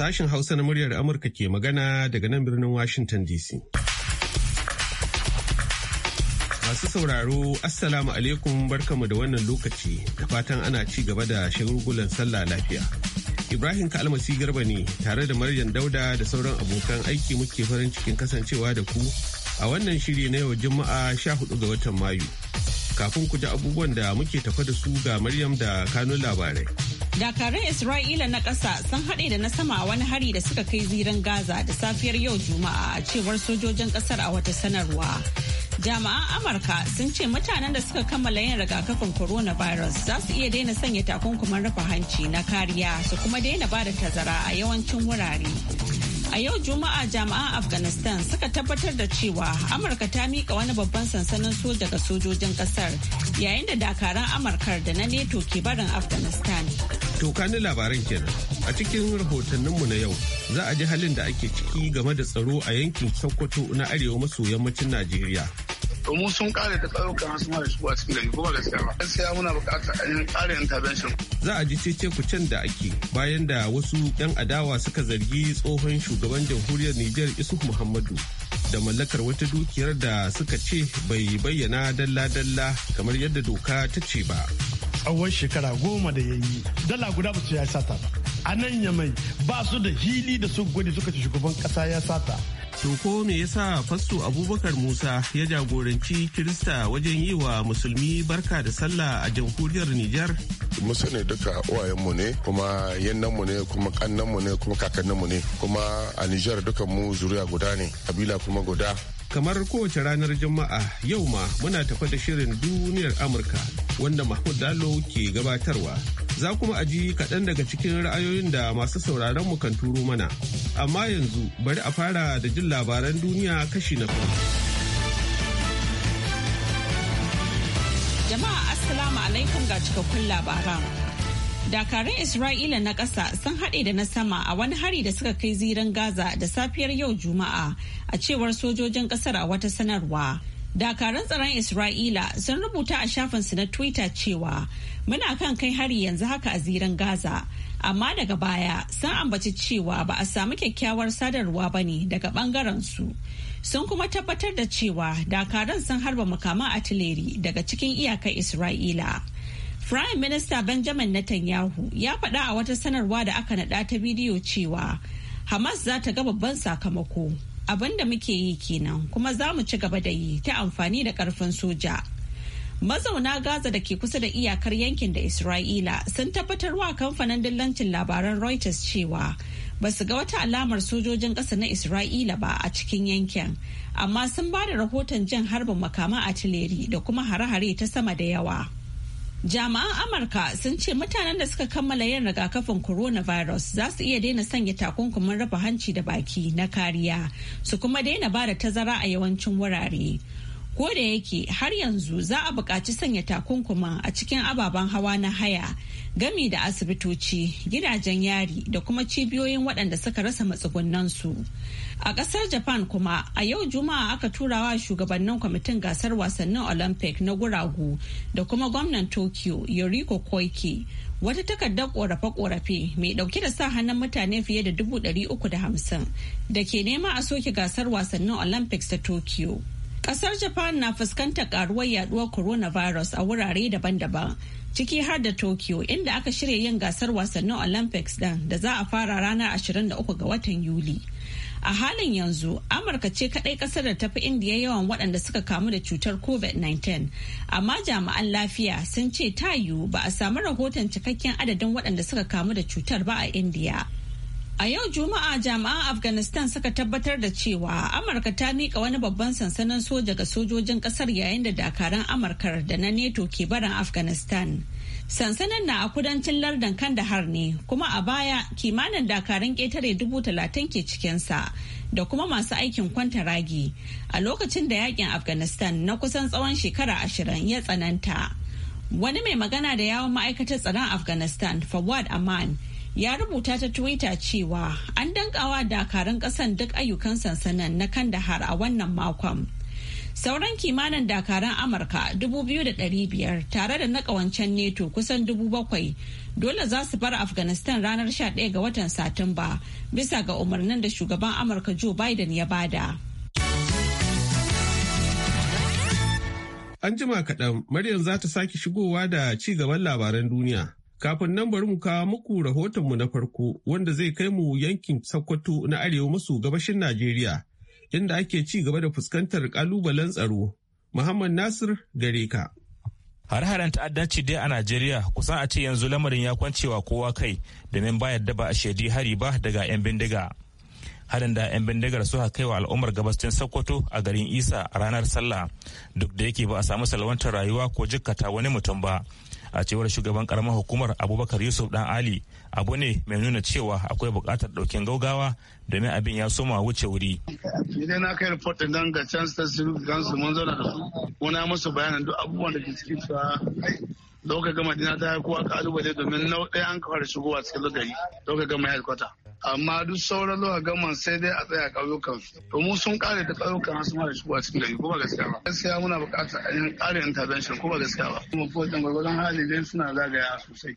Sashen Hausa na muryar Amurka ke magana daga nan birnin Washington DC. Masu sauraro, Assalamu alaikum barkamu da wannan lokaci da fatan ana ci gaba da shagulgulan sallah lafiya. Ibrahim Kalmasi Garba ne tare da Maryam Dauda da sauran abokan aiki muke farin cikin kasancewa da ku a wannan shiri na yau Juma'a 14 ga watan Mayu. Kafin ku ji abubuwan da muke tafa da su ga Maryam da kanun labarai. Dakarun Isra'ila na ƙasa sun haɗe da na sama a wani hari da suka kai ziran Gaza da safiyar yau Juma'a a cewar sojojin ƙasar a wata sanarwa. Jama'an Amurka sun ce mutanen da suka kammala yin rigakafin coronavirus za su iya daina sanya takunkuman rufe hanci na kariya su kuma daina bada tazara a yawancin wurare. A yau Juma'a jami'an Afghanistan suka tabbatar da cewa Amurka ta miƙa wani babban sansanin soja ga sojojin ƙasar yayin da dakaran Amurkar da na NATO ke barin Afghanistan. Toka ni labaran kenan. A cikin rahotanninmu na yau za a ji halin da ake ciki game da tsaro a yankin Sokoto na arewa maso yammacin Najeriya. to mu sun kare da tsarukan su ma da a cikin gari kuma gaskiya ba gaskiya muna a yin kare intervention za a ji cece can da ake bayan da wasu 'yan adawa suka zargi tsohon shugaban jamhuriyar Nijar Isuf Muhammadu da mallakar wata dukiyar da suka ce bai bayyana dalla-dalla kamar yadda doka ta ce ba. Tsawon shekara goma da ya dala guda ba su ya sata ba. A nan yamai ba su da hili da su gwani suka ce shugaban kasa ya sata. To ko me yasa fasto Abubakar Musa ya jagoranci Kirista wajen yi wa musulmi barka da sallah a jamhuriyar Nijar? Mu sani duka uwayenmu ne kuma yannanmu ne kuma kannanmu ne kuma kakanninmu ne kuma a Nijar duka mu zuriya guda ne kabila kuma guda. Kamar kowace ranar Juma'a yau ma muna tafa da shirin duniyar Amurka wanda Mahmud Dalo ke gabatarwa. za kuma a kaɗan daga cikin ra'ayoyin da masu sauraron mu kan turo mana. Amma yanzu bari a fara da jin labaran duniya kashi na farko. Jama'a Assalamu alaikum ga cikakkun labaran. Dakarun Isra'ila na ƙasa sun haɗe da na sama a wani hari da suka kai ziran Gaza da safiyar yau Juma'a a cewar sojojin ƙasar a wata sanarwa. Dakarun tsaron Isra'ila sun rubuta a shafinsu na Twitter cewa muna kan kai hari yanzu haka a ziran gaza amma daga baya sun ambaci cewa ba a samu kyakkyawar sadarwa ba ne daga bangaren su sun kuma tabbatar da cewa dakaran sun harba makaman atileri daga cikin iyakar isra'ila prime minister benjamin netanyahu ya faɗa a wata sanarwa da aka naɗa ta bidiyo cewa hamas za ta ga babban sakamako abinda muke yi kenan kuma za mu ci gaba da yi ta amfani da ƙarfin soja. Mazauna Gaza da ke kusa da iyakar yankin da Isra'ila sun tabbatar wa kamfanin dillancin labaran Reuters cewa ba su ga wata alamar sojojin ƙasa na Isra'ila ba a cikin yankin, amma sun ba da rahoton jan harbin makaman atileri da kuma hare-hare ta sama da yawa. Jami'an Amurka sun ce mutanen da suka kammala yin rigakafin coronavirus za su iya daina sanya takunkumin rufe hanci da baki na kariya su kuma daina ba da tazara a yawancin wurare. Ko da yake har yanzu za a buƙaci sanya takunkuma a cikin ababen hawa na haya gami da asibitoci, gidajen yari da kuma cibiyoyin waɗanda suka rasa matsugunansu. A ƙasar Japan kuma a yau Juma'a aka turawa shugabannin kwamitin gasar wasannin Olympic na guragu da kuma gwamnan Tokyo Yoriko Koike wata takardar korafe-korafe mai dauke da sa hannun mutane fiye da 350 da ke nema a soke gasar wasannin Olympics ta Tokyo. Kasar Japan na fuskantar karuwar yaduwar coronavirus a wurare daban-daban, ciki har da Tokyo inda aka shirya yin gasar wasannin Olympics ɗin da za a fara ranar 23 ga watan Yuli. A halin yanzu, Amurka ce kaɗai ƙasar da tafi indiya yawan waɗanda suka kamu da cutar COVID-19, amma jami'an lafiya sun ce ta yiwu ba a samu rahoton cikakken adadin waɗanda suka kamu da cutar ba a indiya. A yau Juma'a jami'an Afghanistan suka tabbatar da cewa Amurka ta miƙa wani babban sansanin soja ga sojojin ƙasar yayin da dakaran Amurkar da na NATO ke barin Afghanistan. Sansanin na a kudancin lardan har ne kuma a baya kimanin dakarun ƙetare dubu talatin ke cikinsa da kuma masu aikin kwanta ragi a lokacin da yakin Afghanistan na kusan tsawon shekara ashirin ya tsananta. Wani mai magana da yawon ma'aikatar tsaron Afghanistan Fawad Aman ya rubuta ta twitter cewa an dankawa dakarun kasan duk ayyukan sansanin na kandahar a wannan makon sauran kimanin dakaran amurka 2,500 tare da na kawancen neto kusan 7,000 dole za su bar afghanistan ranar 11 ga watan satumba bisa ga umarnin da shugaban amurka joe biden ya bada an jima kaɗan maryam za ta sake shigowa da ci gaban labaran duniya Kafin nan bari mu kawo muku rahotonmu na farko wanda zai kai mu yankin Sokoto na arewa maso gabashin Najeriya inda ake ci gaba da fuskantar kalubalen tsaro. Muhammad Nasir gare ka. Har-haren ta'addanci dai a Najeriya kusan a ce yanzu lamarin ya kwancewa kowa kai domin bayar da ba a shaidi hari ba daga 'yan bindiga. harin da 'yan bindigar suka kai wa al'ummar gabashin sokoto a garin isa a ranar sallah duk da yake ba a samu salwantar rayuwa ko jikkata wani mutum ba a cewar shugaban karamar hukumar abubakar yusuf dan ali abu ne mai nuna cewa akwai bukatar ɗaukin gaugawa domin abin ya soma wuce wuri. idan na kai report din ga chance ta gansu mun zauna da su muna musu bayanin duk abubuwan da ke ciki cewa lokacin gama dina ta yi kowa kalubale domin nau ɗaya an kawar shigowa cikin lokaci lokacin gama headquarter. amma duk sauran zuwa gama sai dai a tsaya ƙauyukan su to mu sun kare da ƙauyukan su ma da shigo a cikin gari kuma gaskiya ba gaskiya muna buƙatar ainihin ƙarin intervention kuma gaskiya ba kuma ko dan hali dai suna zagaya sosai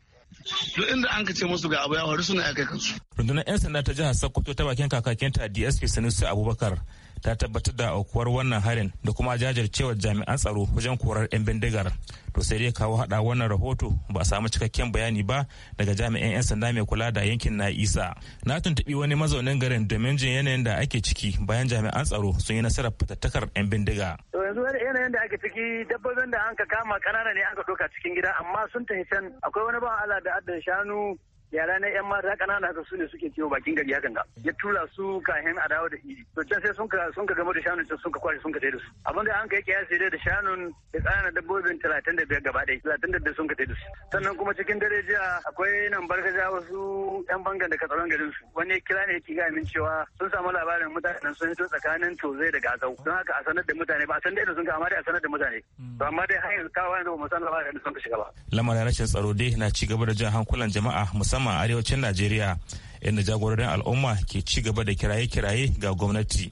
duk inda an kace musu ga abu ya faru suna ya kai kansu rundunar yan sanda ta jihar sokoto ta bakin kakakin ta dsp sanusi abubakar ta tabbatar da aukuwar wannan harin da kuma jajircewar jami'an tsaro wajen korar 'yan bindigar to sai dai kawo hada wannan rahoto ba a samu cikakken bayani ba daga jami'an 'yan sanda mai kula da yankin na isa na tuntubi wani mazaunin garin domin jin yanayin da ake ciki bayan jami'an tsaro sun yi nasarar fatattakar 'yan bindiga to yanzu yanayin da ake ciki dabbobin da an ka kama kanana ne an ka doka cikin gida amma sun tafi can akwai wani ba Allah da addan shanu yara na yan mata kanana haka su ne suke kiwo bakin gari hakan da ya tura su kahin a dawo da iri to can sai sun ka sun ka gama da shanun sun ka kwashe sun ka da su abinda an kai kiyasi dai da shanun da kanana dabbobin 35 gaba ɗaya 35 sun ka da su sannan kuma cikin dare jiya akwai nan barka ja wasu yan bangan da katsaron garin su wani kira ne yake gaya min cewa sun samu labarin mutanen sun hito tsakanin tozai da gazau don haka a sanar da mutane ba a san da sun ka amma dai a sanar da mutane hmm. to amma dai har yanzu kawai ne ba mu san labarin da sun ka shiga ba lamarin rashin tsaro dai na ci gaba da jan hankulan jama'a musamman musamman arewacin najeriya inda jagororin al'umma ke ci gaba da kiraye-kiraye ga gwamnati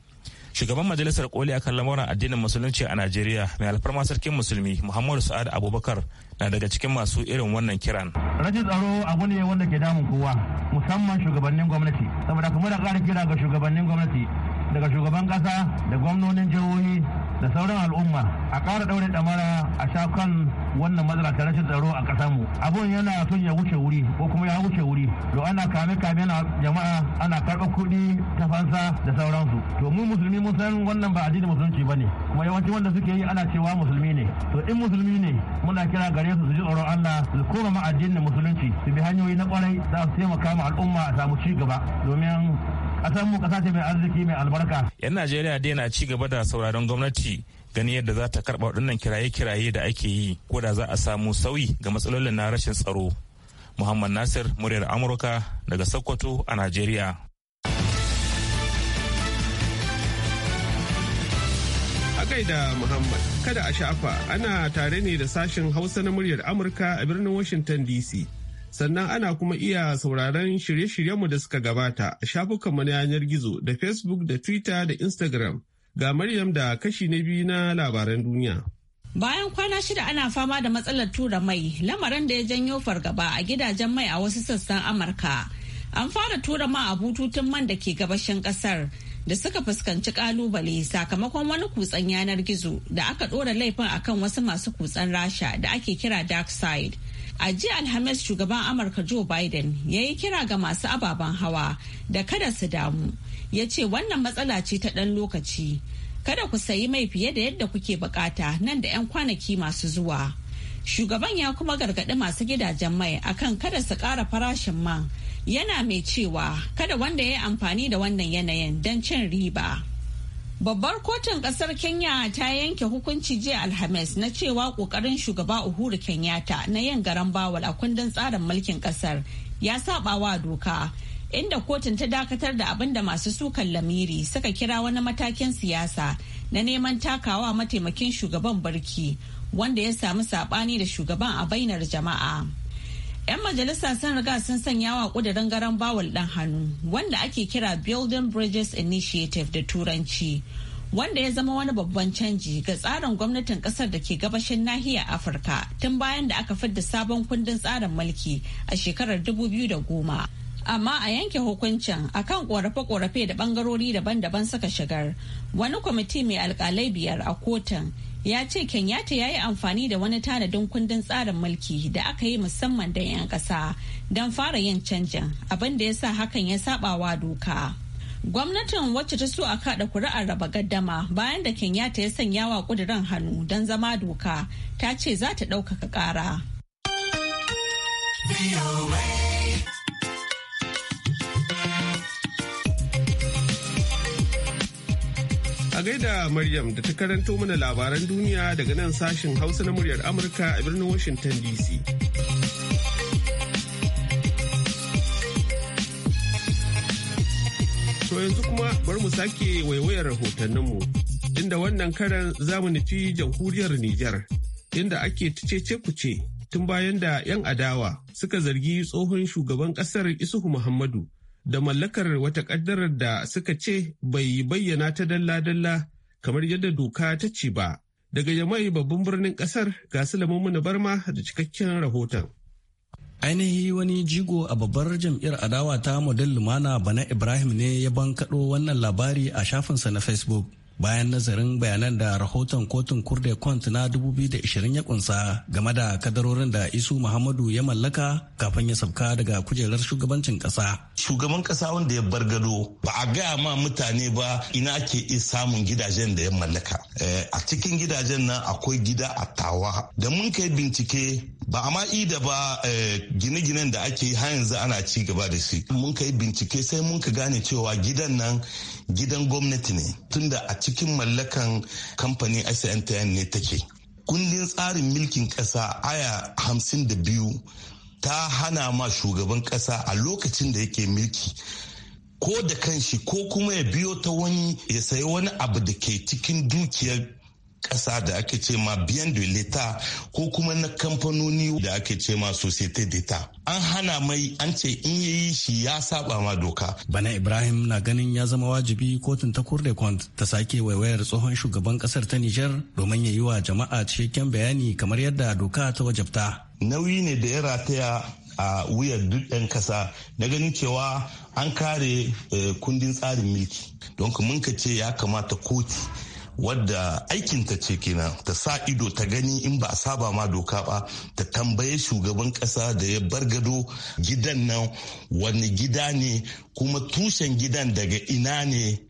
shugaban majalisar koli kan lamuran addinin musulunci a najeriya mai alfarma sarkin musulmi muhammadu sa'ad abubakar na daga cikin masu irin wannan kiran rashin tsaro abu ne wanda ke damun kowa musamman shugabannin gwamnati saboda kuma da kara kira ga shugabannin gwamnati daga shugaban kasa da gwamnonin jihohi da sauran al'umma a ƙara ɗaure ɗamara a sha kan wannan matsala ta rashin tsaro a ƙasar mu abun yana son ya wuce wuri ko kuma ya wuce wuri to ana kame kame na jama'a ana karɓar kuɗi ta fansa da sauransu to mu musulmi mun san wannan ba addinin musulunci ba ne kuma yawanci wanda suke yi ana cewa musulmi ne to in musulmi ne muna kira gare su su ji tsoron Allah su koma ma addinin musulunci su bi hanyoyi na kwarai za su taimaka ma al'umma a samu ci gaba domin san mu kasa ce mai arziki mai albarka. Yan Najeriya dai na ci gaba da sauraron gwamnati ganin yadda za ta karɓa waɗannan kiraye-kiraye da ake yi ko da za a samu sauyi ga matsalolin na rashin tsaro. Muhammad Nasir muryar Amurka daga Sokoto a Najeriya. A da Muhammad, kada a shafa ana tare ne da sashen Hausa na muryar Amurka a birnin Washington DC. sannan ana kuma iya sauraron shirye-shiryenmu da suka gabata a shafukanmu na yanar gizo da facebook da twitter da instagram ga maryam da kashi na biyu na labaran duniya bayan kwana shida ana fama da matsalar tura mai lamarin da ya janyo fargaba a gidajen mai a wasu sassan amurka an fara tura ma a bututun man da ke gabashin kasar da suka fuskanci kalubale sakamakon wani kutsen yanar gizo da aka dora laifin akan wasu masu kutsen rasha da ake kira dark side A jiya Alhamis shugaban Amurka Joe Biden ya yi kira ga masu ababen hawa da kada su damu. Ya ce wannan matsala ce ta ɗan lokaci. Kada ku sayi mai fiye da yadda kuke bukata nan da 'yan kwanaki masu zuwa. Shugaban ya kuma gargaɗi masu gidajen mai akan kada su ƙara farashin man. Yana mai cewa kada wanda ya yi amfani da wannan yanayin don cin riba. Babbar kotun kasar Kenya ta yanke hukunci jiya Alhamis na cewa kokarin shugaba Uhuru Kenyatta na yin garan bawal a kundin tsarin mulkin kasar ya saba wa doka. Inda kotun ta dakatar da abin da masu sukan lamiri suka kira wani matakin siyasa na neman takawa mataimakin shugaban barki wanda ya sami sabani da shugaban a bainar jama'a. 'Yan majalisa sun riga sun sanya wa kudirin garan bawal dan hannu wanda ake kira Building Bridges Initiative da Turanci, wanda ya zama wani babban canji ga tsarin gwamnatin kasar da ke gabashin nahiyar Afirka tun bayan da aka fidda sabon kundin tsarin mulki a shekarar 2010. Amma a yanke hukuncin a kan korafe-korafe da bangarori daban-daban suka shigar, wani kwamiti mai alkalai biyar a kotun ya ce kenyatta ya yi amfani da wani tanadin kundin tsarin mulki da aka yi musamman da 'yan ƙasa don fara yin canjin abin da ya sa hakan ya sabawa doka gwamnatin wacce ta so a kada kuri'ar raba gaddama bayan da kenyatta ya sanya wa kudirin hannu don zama doka ta ce za ta ɗaukaka ƙara. A gaida Maryam da ta karanto mana labaran duniya daga nan sashen Hausa na muryar Amurka a birnin Washington DC. To yanzu kuma bar mu sake waiwayar rahotanninmu inda wannan karan zamu nufi jamhuriyar Nijar inda ake tice kuce tun bayan da 'yan adawa suka zargi tsohon shugaban ƙasar Isuhu Muhammadu da mallakar wata kaddarar da suka ce bai yi bayyana ta dalla-dalla kamar yadda doka ta ce ba. Daga Yamai babban birnin kasar ga Sulaiman Barma da cikakken rahoton. Ainihi wani jigo a babbar jam'iyyar adawa ta Model Lumana Bana Ibrahim ne ya bankaɗo wannan labari a shafinsa na Facebook. bayan nazarin bayanan da rahoton kotun kurde kwant na 2020 ya kunsa game da kadarorin da isu muhammadu ya mallaka kafin ya sauka daga kujerar shugabancin kasa shugaban kasa wanda ya bar gado ba a gaya ma mutane ba ina ake samun gidajen da ya mallaka eh, a cikin gidajen nan akwai gida a tawa da mun kai bincike ba a ma'i da ba eh, gine-ginen da ake yi har yanzu ana ci gaba da shi mun kai bincike sai mun ka gane cewa gidan nan gidan gwamnati ne tunda a cikin mallakan kamfanin SNTN ne take kundin tsarin milkin ƙasa aya hamsin da biyu ta hana ma shugaban ƙasa a lokacin da yake milki. ko da kanshi ko kuma ya biyo ta wani ya sayi wani abu da ke cikin dukiyar kasa da ake ce ma biyan de l'etat ko kuma na kamfanoni da ake ce ma societe d'etat an hana mai an ce in yi shi ya saba ma doka bana ibrahim na ganin ya zama wajibi kotun ta kurde kwant ta sake waiwayar tsohon shugaban kasar ta niger domin ya yi wa jama'a cikakken bayani kamar yadda doka ta wajabta nauyi ne da ya rataya a wuyar duk ɗan kasa na ganin cewa an kare eh, kundin tsarin mulki don mun ka ce ya kamata kotu wadda aikinta ce kenan ta sa ido ta gani in ba a saba ma doka ba ta tambaye shugaban kasa da ya bar gado gidan nan wani gida ne kuma tushen gidan daga ina ne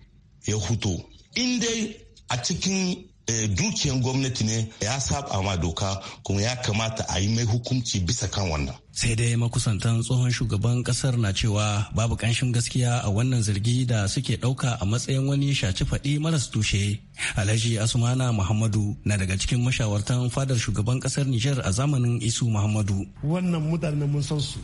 ya huto in dai a cikin Eh, dukiyan gwamnati ne ya saba ma doka kuma ya kamata a yi mai hukunci bisa kan wannan sai dai makusantan tsohon shugaban kasar na cewa babu kanshin gaskiya a wannan zargi da suke ɗauka a matsayin wani shaci faɗi maras tushe alhaji asumana muhammadu na daga cikin mashawartan fadar shugaban kasar nijar a zamanin isu muhammadu wannan mutanen mun san su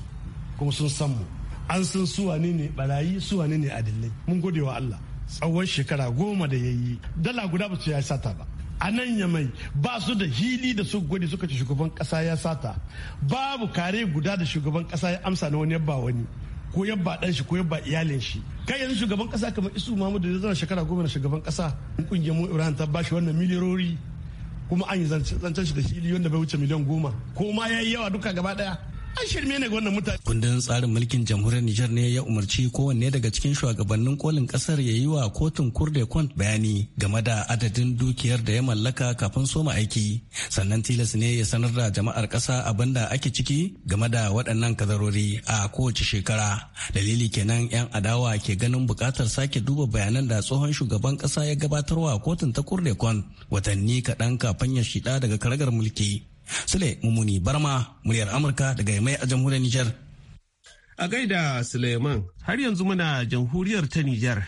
kuma sun san mu an san su wane ne barayi su wane ne adillai mun gode wa allah tsawon shekara goma da ya yi dala guda ba su ya sata ba a nan yamai ba su da hili da su gwani suka ce shugaban kasa ya sata babu kare guda da shugaban kasa ya amsa na wani yabba wani ko yabba dan shi ko yabba iyalin shi kai yanzu shugaban kasa kamar isu mahmudu da zana shekara goma na shugaban kasa kungiyar mu Ibrahim ta bashi wannan miliyarori kuma an yi zancen shi da shi hili wanda bai wuce miliyan goma ko ma ya yi yawa duka gaba daya an shirme ne wannan mutane kundin tsarin mulkin jamhuriyar Nijar ne ya umarci kowanne daga cikin shugabannin kolin kasar ya yi wa kotun kurde kwant bayani game da adadin dukiyar da ya mallaka kafin soma aiki sannan tilas ne ya sanar da jama'ar kasa abin da ake ciki game da waɗannan kazarori a kowace shekara dalili kenan 'yan adawa ke ganin buƙatar sake duba bayanan da tsohon shugaban kasa ya gabatarwa kotun ta kurde kwant watanni kaɗan kafin ya shida daga karagar mulki Sule Mumuni Barma muryar Amurka daga mai a jamhuriyar Nijar. A gaida Suleiman har yanzu muna jamhuriyar ta Nijar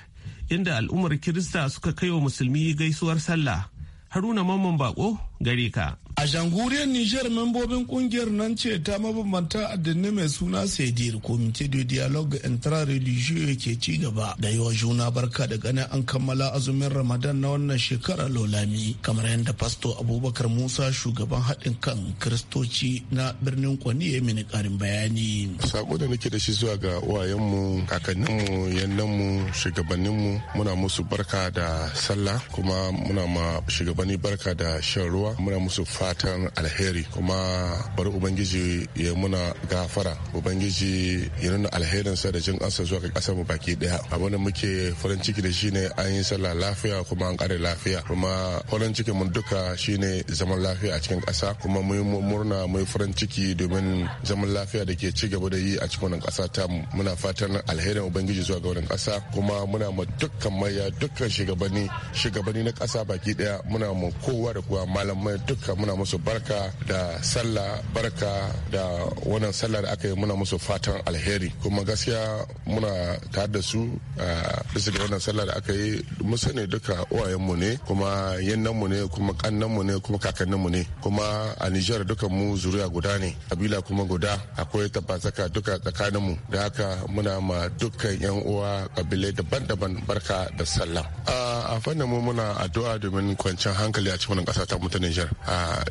inda al'ummar Kirista suka kai wa musulmi gaisuwar sallah. Haruna Mamman Bako gare ka. A janguriyar Nijar membobin kungiyar nan ce ta mabambanta addinai mai suna Sedir Comité de Dialogue Intra-Religieux ke ci gaba da yawa juna barka da ganin an kammala azumin Ramadan na wannan shekara Lolami. Kamar yadda Pasto Abubakar Musa shugaban haɗin kan Kiristoci na birnin Kwani ya mini ƙarin bayani. Sako da nake da shi zuwa ga uwayenmu, kakanninmu, yannanmu, shugabanninmu muna musu barka da sallah kuma muna ma shugabanni barka da shan ruwa muna musu fa fatan alheri kuma bari ubangiji ya muna gafara ubangiji ya nuna sa da jin ansa zuwa ga kasar mu baki daya abin da muke farin ciki da shine an yi sallah lafiya kuma an kare lafiya kuma farin cikin mun duka shine zaman lafiya a cikin kasa kuma mu murna mu farin ciki domin zaman lafiya da ke ci gaba da yi a cikin wannan kasa ta muna fatan alherin ubangiji zuwa ga wannan kasa kuma muna ma dukkan maya dukkan shugabanni shugabanni na kasa baki daya muna ma kowa da kowa malamai dukkan muna musu barka da sallah barka da wannan sallah da aka yi muna musu fatan alheri kuma gaskiya muna tare da su a bisa da wannan sallah da aka yi mu sani duka uwayenmu ne kuma yannanmu ne kuma kannanmu ne kuma kakanninmu ne kuma a Nijar duka mu zuriya guda ne kabila kuma guda akwai tabbataka duka tsakaninmu da haka muna ma dukkan yan uwa kabilai daban-daban barka da sallah a fannin mu muna addu'a domin kwanciyar hankali a cikin kasa ta mutu Nijar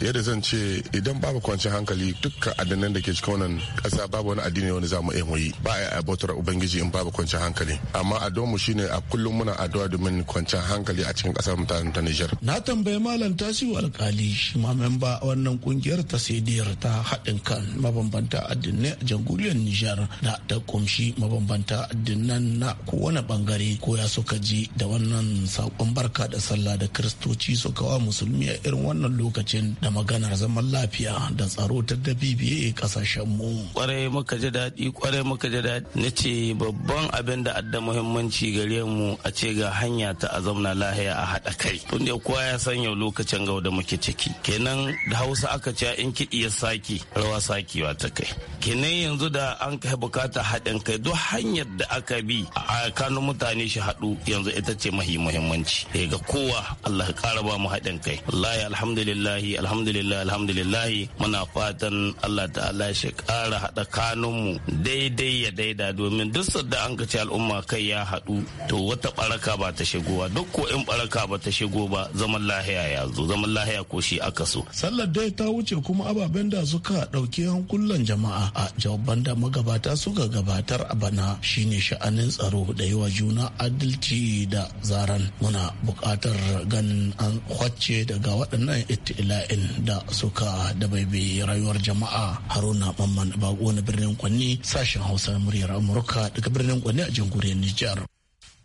yadda zan ce idan babu kwanciyar hankali dukkan addinan da ke cikin wannan kasa babu wani addini wani zamu iya muyi ba a abotar ubangiji in babu kwanciyar hankali amma addu'a mu shine a kullum muna addu'a domin kwanciyar hankali a cikin kasar mu ta Niger na tambayi malam tasiu alkali shi ma memba wannan kungiyar ta sediyar ta haɗin kan mabambanta addinai a jamhuriyar Niger da ta kumshi mabambanta addinan na kowane bangare ko ya suka ji da wannan sakon barka da sallah da kristoci suka wa musulmi a irin wannan lokacin da maganar zaman lafiya da tsaro ta dabibiye kasashen mu kwarai muka ji daɗi kwarai muka ji daɗi na ce babban abin da adda muhimmanci gare mu a ce ga hanya ta a zauna lahiya a haɗa kai Tun da kowa ya san yau lokacin gau da muke ciki kenan da hausa aka ce in kiɗi ya saki rawa sakewa ta kai kenan yanzu da an kai bukata haɗin kai duk hanyar da aka bi a kanun mutane shi haɗu yanzu ita ce mahi muhimmanci ga kowa Allah ya ƙara ba mu haɗin kai wallahi alhamdulillah alhamdulillah alhamdulillah muna fatan Allah ta'ala shi kara haɗa mu daidai ya daida domin duk sadda an kaci al'umma kai ya haɗu to wata baraka ba ta shigowa duk ko in baraka ba ta shigo ba zaman lahiya ya zo zaman lahiya ko shi aka so. Sallar dai ta wuce kuma ababen da suka ɗauki hankulan jama'a a jawaban da magabata suka gabatar a bana shine sha'anin tsaro da yawa juna adalci da zaran muna bukatar ganin an kwace daga waɗannan itila'il al'amarin da suka dabaibe rayuwar jama'a haruna mamman bako na birnin kwanni sashen hausa muryar amurka daga birnin kwanni a jamhuriyar nijar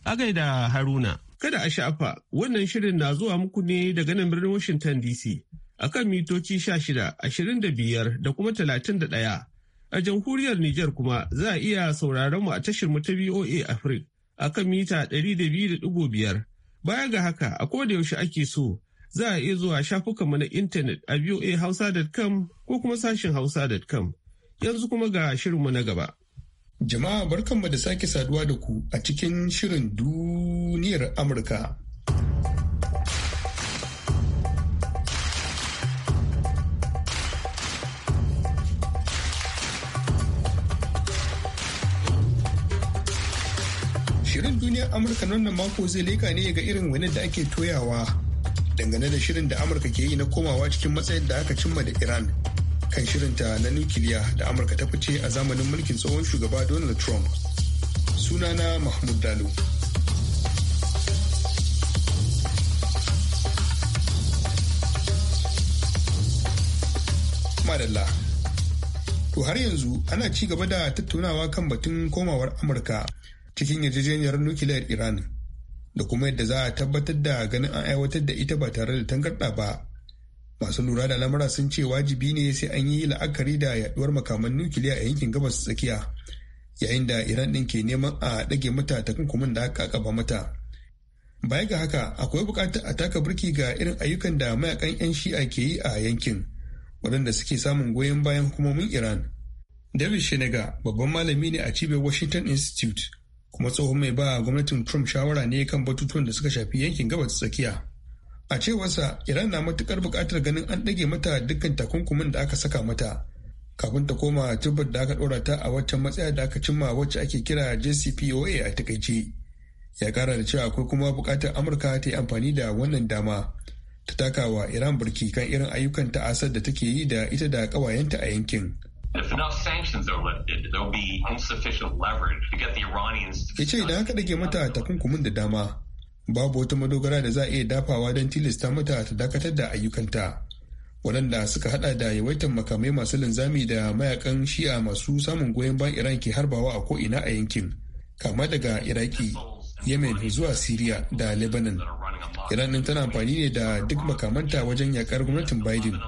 a gaida haruna kada a sha'afa wannan shirin na zuwa muku ne daga nan birnin washington dc akan mitoci 16 25 da kuma 31 a jamhuriyar nijar kuma za a iya sauraron mu a tashar mu ta voa africa akan mita 200.5 baya ga haka a koda yaushe ake so za a iya zuwa shafukanmu na intanet a voahausa.com ko kuma sashin hausa.com. Yanzu kuma ga shirinmu na gaba. Jama'a barkanmu da sake saduwa da ku a cikin shirin duniyar Amurka. Shirin duniyar Amurka nan mako zai leka ne ga irin wani da ake toyawa dangane da shirin da amurka ke yi na komawa cikin matsayin da aka cimma da iran kan shirinta na nukiliya da amurka ta fice a zamanin mulkin tsohon shugaba donald trump sunana mahmud dalo madalla to har yanzu ana ci gaba da tattaunawa kan batun komawar amurka cikin yarjejeniyar nukiliyar iran da kuma yadda za a tabbatar da ganin an aiwatar da ita ba tare da tangarɗa ba masu lura da lamura sun ce wajibi ne sai an yi la'akari da yaduwar makaman nukiliya a yankin gabas tsakiya yayin da iran ɗin ke neman a ɗage mata takunkumin da aka kaba mata baya ga haka akwai buƙatar a taka birki ga irin ayyukan da mayakan 'yan shi'a ke yi a yankin waɗanda suke samun goyon bayan hukumomin iran david shenega babban malami ne a cibiyar washington institute kuma tsohon mai ba gwamnatin trump shawara ne kan batutuwan da suka shafi yankin gabas tsakiya a cewarsa iran na matukar buƙatar ganin an ɗage mata dukkan takunkumin da aka saka mata kafin ta koma tubar da aka ɗora ta a waccan matsaya da aka cimma wacce ake kira jcpoa a takaice ya kara da cewa akwai kuma buƙatar amurka ta yi amfani da wannan dama ta takawa iran burki kan irin ayyukan ta'asar da take yi da ita da ƙawayenta a yankin If enough Yace idan aka dage mata takunkumin da dama, babu wata madogara da za a iya dafawa don tilasta mata ta dakatar da ayyukanta. waɗanda suka hada da yawaitar makamai masu linzami da mayakan shi'a masu samun goyon bayan iran ke harbawa a ko'ina a yankin kama daga iraki yemen zuwa syria da lebanon iran din tana amfani ne da duk makamanta wajen yakar gwamnatin biden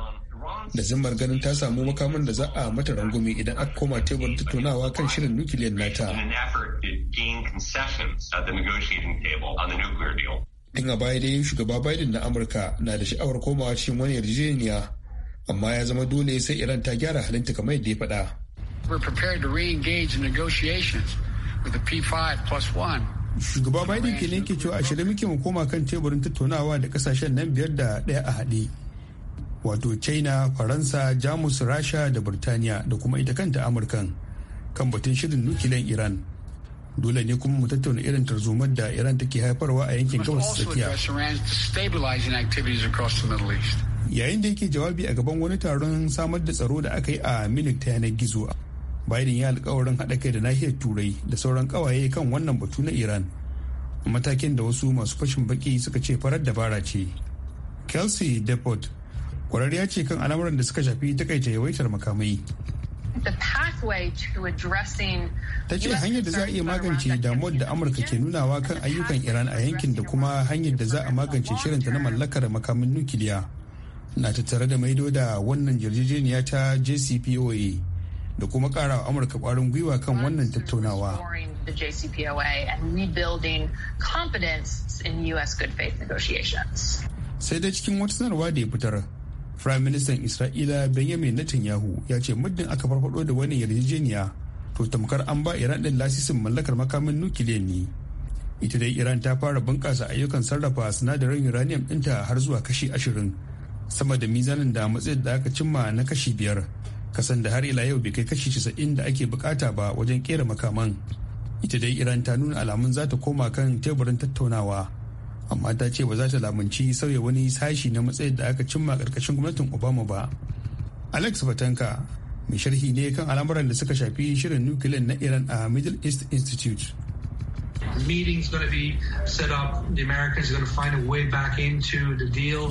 da zimmar ganin ta samu makaman da za a mata rangumi idan aka koma tebur tattaunawa kan shirin nukiliyan nata. Tun a baya dai shugaba Biden na Amurka na da sha'awar komawa cikin wani yarjejeniya amma ya zama dole sai Iran ta gyara halinta kamar yadda ya faɗa. Shugaba Biden kenan ke cewa a shirye muke mu koma kan teburin tattaunawa da kasashen nan biyar da ɗaya a haɗe. wato china faransa jamus rasha da burtaniya da kuma ita kanta amurkan kan batun shirin nukilan iran dole ne kuma mu tattauna irin tarzomar da iran take haifarwa a yankin gabas tsakiya yayin da yake jawabi a gaban wani taron samar da tsaro da aka yi a milik ta yanar gizo biden ya alkawarin haɗa kai da nahiyar turai da sauran kawaye kan wannan batu na iran matakin da wasu masu fashin baki suka ce farar dabara ce kelsey depot kwararriya ce kan al'amuran da suka shafi takaita yawaitar makamai ta ce hanyar da za a iya magance damuwar da amurka ke nunawa kan ayyukan iran a yankin da kuma hanyar da za a magance shirinta na mallakar makamin nukiliya na tattare da maido da wannan yarjejeniya ta jcpoa da kuma karawa amurka kwarin gwiwa kan wannan tattaunawa sai dai cikin wata sanarwa da ya fitar Prime Minister Isra'ila Benjamin Netanyahu ya ce muddin aka farfado da wani yarjejeniya to tamkar an ba Iran din lasisin mallakar makamin nukiliya ne. Ita dai Iran ta fara bunƙasa ayyukan sarrafa sinadarin uranium ɗinta har zuwa kashi ashirin sama da mizanin da matsayin da aka cimma na kashi biyar kasan da har ila yau bai kai kashi casa'in da ake bukata ba wajen kera makaman ita dai iran ta nuna alamun za ta koma kan teburin tattaunawa amma ta ce ba za ta lamunci sauya wani sashi na matsayin da aka cimma karkashin gwamnatin obama ba alex fatanka mai sharhi ne kan al'amuran da suka shafi shirin nukiliyar na iran a middle east institute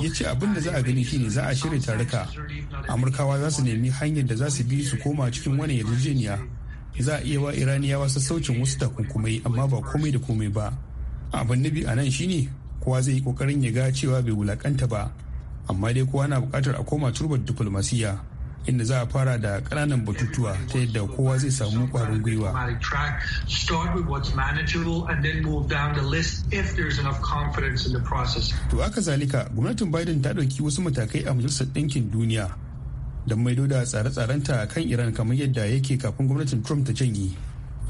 ya ce abin da za a gani shine za a shirya taruka amurkawa za su nemi hanyar da za su bi su koma cikin wani yarjejeniya za a iya wa iraniyawa sassaucin wasu takunkumai amma ba komai da komai ba abin nabi a nan shine kowa zai yi kokarin ya ga cewa bai wulakanta ba amma dai kowa na bukatar a koma turbar diplomasiya inda za a fara da kananan batutuwa ta yadda kowa zai samu kwarin gwiwa. To aka zalika gwamnatin Biden ta ɗauki wasu matakai a majalisar ɗinkin duniya don maido da tsare-tsarenta kan Iran kamar yadda yake kafin gwamnatin Trump ta janye.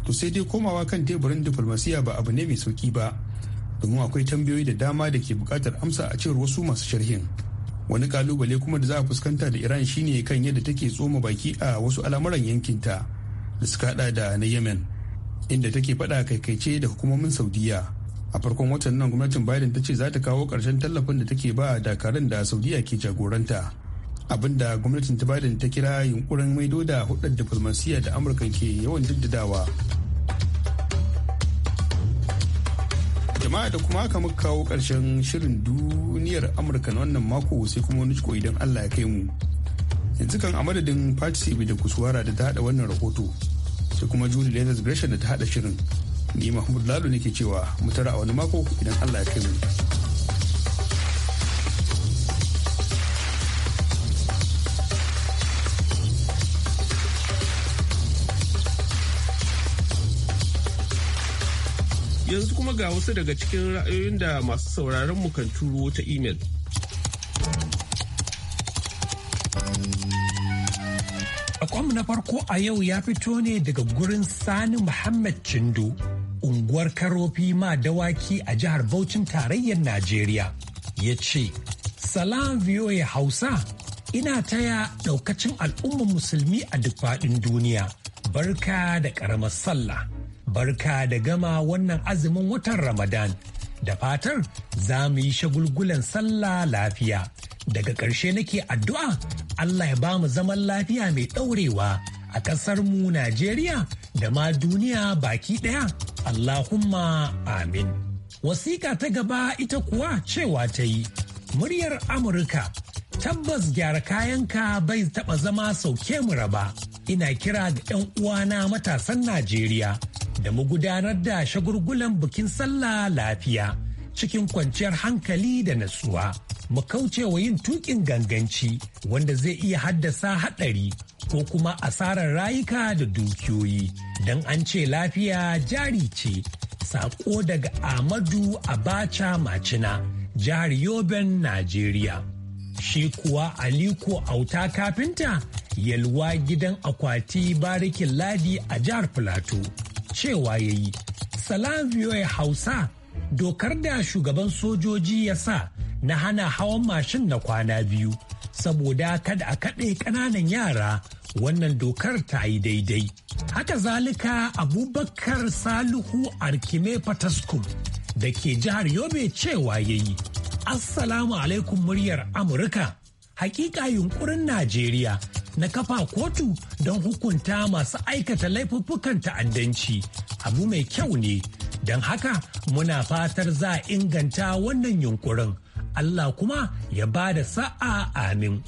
To sai dai komawa kan teburin diflomasiya ba abu ne mai sauki ba. domin akwai tambayoyi da dama da ke bukatar amsa a cewar wasu masu sharhin wani kalubale kuma da za a fuskanta da iran shine kan yadda take tsoma baki a wasu al'amuran yankinta da suka hada da na yemen inda take fada kaikaice da hukumomin saudiya a farkon watan nan gwamnatin biden ta ce za ta kawo karshen tallafin da take ba dakarun da saudiya ke jagoranta abinda gwamnatin ta biden ta kira yunkurin maido da hudar diflomasiyya da amurka ke yawan jaddadawa jama'a da kuma aka muka kawo ƙarshen shirin duniyar amurka na wannan mako sai kuma wani ciko idan allah ya kai mu yanzu kan a madadin patisibi da kuswara da ta haɗa wannan rahoto sai kuma juli da gresham da ta haɗa shirin ni mahmud lalu ne ke cewa mu tara a wani mako idan allah ya kai mu Yanzu kuma ga wasu daga cikin ra'ayoyin da masu sauraron mu kan turo ta imel. Sakonmu na farko a yau ya fito ne daga gurin Sani Muhammad Chindo, unguwar Karofi ma dawaki a jihar Bauchin tarayyar Najeriya. Ya ce, Salam ya Hausa, ina taya ɗaukacin al'ummar musulmi a duk faɗin duniya. Barka da ƙaramar sallah. barka da gama wannan azumin watan Ramadan. Da fatar za mu yi shagulgulan sallah lafiya. Daga ƙarshe nake addu'a Allah ya ba mu zaman lafiya mai ɗaurewa a ƙasarmu Najeriya da ma duniya baki ɗaya. Allahumma amin. Wasiƙa ta gaba ita kuwa cewa ta yi, muryar Amurka tabbas gyara kayanka bai taɓa zama sauke mu raba. Ina kira ga 'yan uwana matasan Najeriya da mu gudanar da shagulgulan bikin sallah lafiya cikin kwanciyar hankali da natsuwa. Mu kauce wa yin tukin ganganci wanda zai iya haddasa haɗari ko kuma asarar rayuka da dukiyoyi don an ce lafiya jari ce. Sako daga Amadu a Bacha Macina, jihar Yoben, Najeriya. Shi kuwa Aliko Auta Kafinta yalwa gidan akwati barikin ladi a jihar Filato. cewa ya yi salaviyoyi hausa dokar da shugaban sojoji ya sa na hana hawan mashin na kwana biyu saboda kada a kaɗe ƙananan yara wannan dokar ta yi daidai haka zalika abubakar salihu arkime fataskum da ke jihar yobe cewa ya yi assalamu alaikum muryar amurka hakika yunkurin najeriya na kafa kotu don hukunta masu aikata laifuffukan ta'addanci abu mai kyau ne don haka muna fatar za a inganta wannan yunkurin Allah kuma ya ba da sa'a amin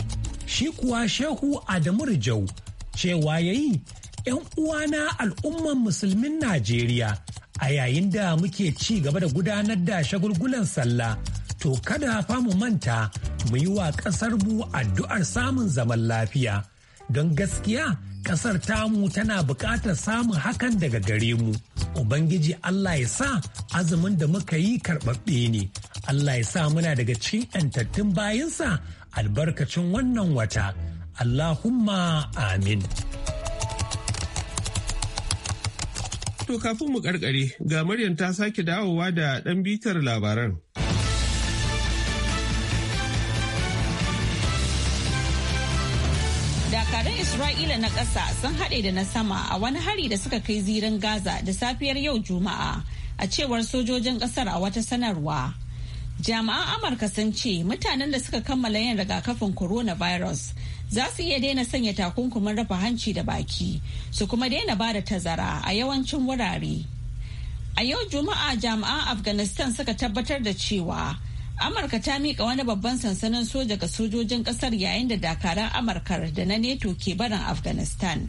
shi kuwa shehu Adamu Rijau cewa yayi 'yan uwana al'umman musulmin Najeriya a yayin da muke ci gaba da gudanar da shagulgulan sallah to kada fa mu manta mu yi wa mu addu'ar samun zaman lafiya don gaskiya ƙasar tamu tana buƙatar samun hakan daga gare mu. Ubangiji Allah ya sa azumin da muka yi karɓaɓɓe ne, Allah ya sa muna daga cikin ‘yantattun bayansa albarkacin wannan wata. Allahumma amin. To kafin mu karkare ga Maryam ta sake dawowa da ɗan bitar labaran. Isra'ila na ƙasa sun haɗe da na sama a wani hari da suka kai zirin Gaza da safiyar yau Juma'a a cewar sojojin ƙasar a wata sanarwa. Jami'an Amurka sun ce mutanen da suka kammala yin rigakafin coronavirus za su iya daina sanya takunkumin rufe hanci da baki su kuma daina ba da tazara a yawancin wurare. A yau Juma'a jami'an Afghanistan suka tabbatar da cewa amurka ta miƙa wani babban sansanin soja ga sojojin ƙasar yayin da dakaran amurkar da na neto ke barin afghanistan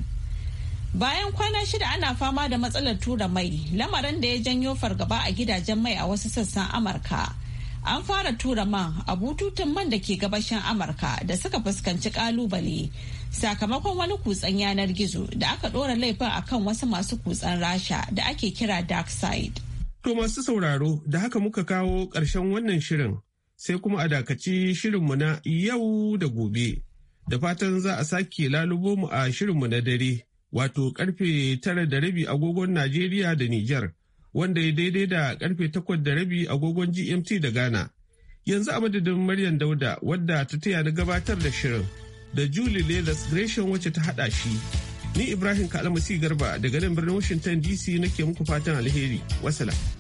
bayan kwana shida ana fama da matsalar tura mai lamarin da ya janyo fargaba a gidajen mai a wasu sassan amurka an fara tura man a bututun man da ke gabashin amurka da suka fuskanci kalubale sakamakon wani kutsen yanar gizo da aka ɗora laifin akan wasu masu kutsen rasha da ake kira dark side To masu sauraro da haka muka kawo ƙarshen wannan shirin sai kuma a dakaci shirinmu na yau da gobe. Da fatan za a sake lalubo mu a shirinmu na dare wato ƙarfe tara da rabi agogon Najeriya da Nijar wanda ya daidai da ƙarfe takwas da rabi agogon GMT da Ghana. Yanzu a madadin Maryam Dauda wadda ta taya na gabatar da shirin da Julie Leathers Gresham wacce ta haɗa shi. Ni Ibrahim Kalamasi Garba daga nan birnin Washington DC nake muku fatan alheri. wasala.